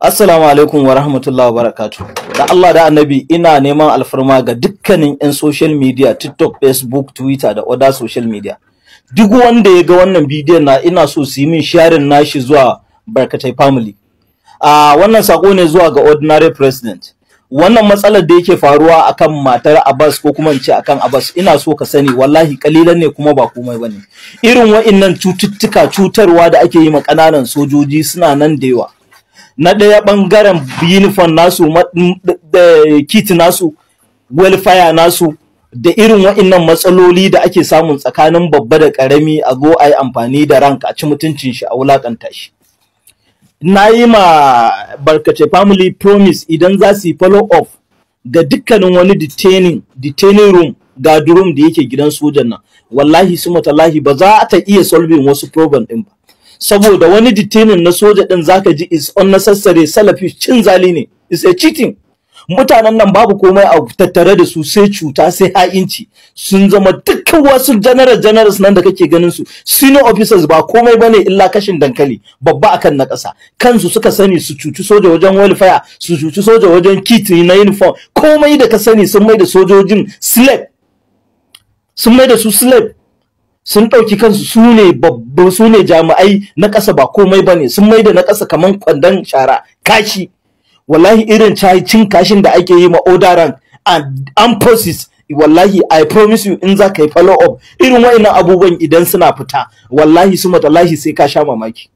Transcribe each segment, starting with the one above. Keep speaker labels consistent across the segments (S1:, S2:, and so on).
S1: Assalamu alaikum wa rahmatullahi wa barakatu. Da Allah da annabi ina neman alfarma ga dukkanin 'yan social media, TikTok, Facebook, Twitter da oda social media. Duk wanda ya ga wannan bidiyon na ina so su yi min sharing nashi zuwa barkatai family. A wannan sako ne zuwa ga ordinary president. Wannan matsalar da yake faruwa akan matar Abbas ko kuma ce akan Abbas ina so ka sani wallahi kalilan ne kuma ba komai bane. Irin wa'innan cututtuka cutarwa da ake yi ma ƙananan sojoji suna nan da yawa. na ɗaya ɓangaren uniform nasu kit nasu welfare nasu da irin wa'innan matsaloli da ake samun tsakanin babba da ƙarami a go a amfani da ranka a ci mutuncin shi a wulaƙanta shi na yi ma barkace family promise idan za su yi follow up ga dukkanin wani detaining detaining room ga room da yake gidan sojan nan wallahi su matalahi ba za ta iya solving wasu problem ɗin ba saboda wani detainin na soja din zaka ji is unnecessary salafi cin zali ne is a cheating mutanen nan babu komai a tattare da su sai cuta sai ha'inci sun zama dukkan wasu general generals nan da kake ganin su senior officers ba komai bane illa kashin dankali babba akan na ƙasa kansu suka sani su cuci soja wajen welfare su cuci soja wajen kit na uniform komai da ka sani sun mai sojojin slave sun mai su slave sun ɗauki kansu su ne babba ba su ne jami'ai na ƙasa ba komai ba ne sun mai da na ƙasa kaman kwandon shara kashi wallahi irin cin kashin da ake yi ma odaran and armed wallahi i promise you in za ka yi follow up irin wa'annan abubuwan idan suna fita wallahi su matalahi sai ka sha mamaki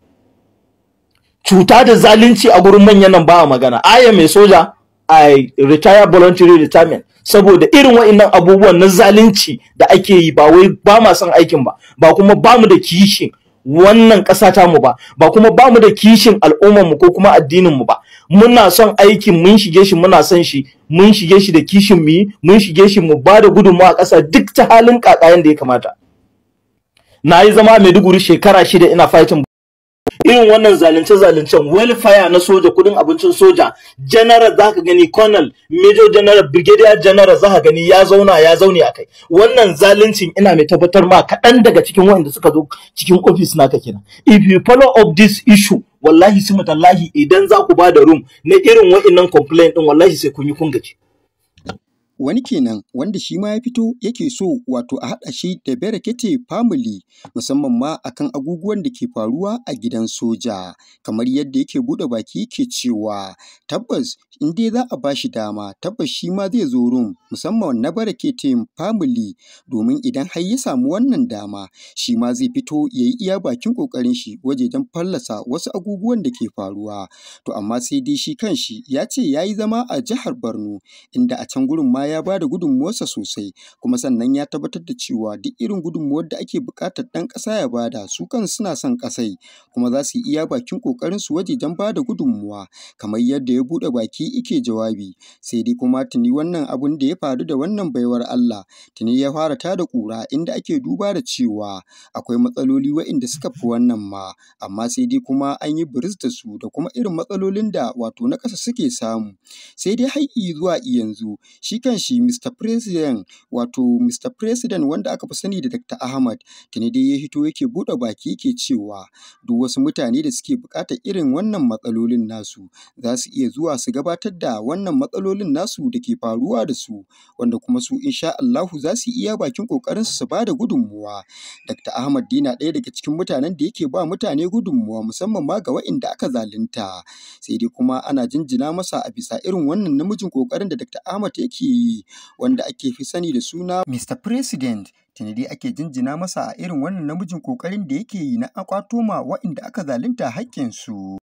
S1: cuta da zalunci a gurin manyan nan ba magana aya mai soja a retire voluntary retirement saboda irin wa'annan abubuwan na zalunci da ake yi ba wai ba ma son aikin ba ba kuma ba mu da kishin wannan ƙasa ta mu ba ba kuma ba mu da kishin al'ummar mu ko kuma addinin mu ba muna son aikin mun shige shi muna son shi mun shige shi da kishin mu mun shige shi mu ba da gudunmu a ƙasa duk ta halin kakayen da ya kamata na yi zama mai Maiduguri shekara shida ina fighting irin wannan zalunce-zaluncen welfare na soja kudin abincin soja general za ka gani colonel major general brigadier general za ka gani ya zauna ya zaune a kai wannan zaluncin ina mai tabbatar ma kaɗan daga cikin wanda suka zo cikin ofis naka kenan if you follow up this issue wallahi sumatallahi
S2: idan za ku ba da room na irin nan complaint din, wallahi sai kun yi kun gaji wani kenan wanda shi ma ya fito yake so wato a haɗa shi da berekete family musamman ma akan aguguwan da ke faruwa a gidan soja kamar yadda yake buɗe baki ke cewa tabbas in dai za a bashi dama tabbas shi ma zai zo rum musamman na berekete family domin idan har ya samu wannan dama shi ma zai fito ya yi iya bakin ƙoƙarin shi wajejen fallasa wasu aguguwan da ke faruwa to amma sai dai shi kanshi ya ce ya yi zama a jihar Borno inda a can gurin ma ya ba da gudunmuwarsa sosai kuma sannan ya tabbatar da cewa duk irin gudunmuwar da ake buƙatar ɗan ƙasa ya bada su kan suna son ƙasai kuma za su iya bakin su waje wajejen ba da gudunmuwa kamar yadda ya buɗe baki ike jawabi sai dai kuma tuni wannan abun da ya faru da wannan baiwar Allah tuni ya fara tada ƙura inda ake duba da cewa akwai matsaloli waɗanda suka fi wannan ma amma sai dai kuma an yi biris da su da kuma irin matsalolin da wato na ƙasa suke samu sai dai har zuwa yanzu shi kan shi Mr. President wato Mr. President wanda aka fi sani da Dr. Ahmad tuni dai ya hito yake buɗe baki yake cewa duk wasu mutane da suke buƙatar irin wannan matsalolin nasu za su iya zuwa su gabatar da wannan matsalolin nasu da ke faruwa da su wanda kuma su insha Allahu za su iya bakin ƙoƙarin su ba da gudunmuwa. Dr. Ahmad Dina ɗaya daga cikin mutanen da yake ba mutane gudunmuwa musamman ma ga waɗanda aka zalunta sai dai kuma ana jinjina masa a bisa irin wannan namijin ƙoƙarin da Dr. Ahmad yake yi wanda ake fi sani da suna Mr. President. Tuni ake jinjina masa a irin wannan namijin ƙoƙarin da yake yi na akwatoma ma waɗanda aka zalunta haƙƙinsu.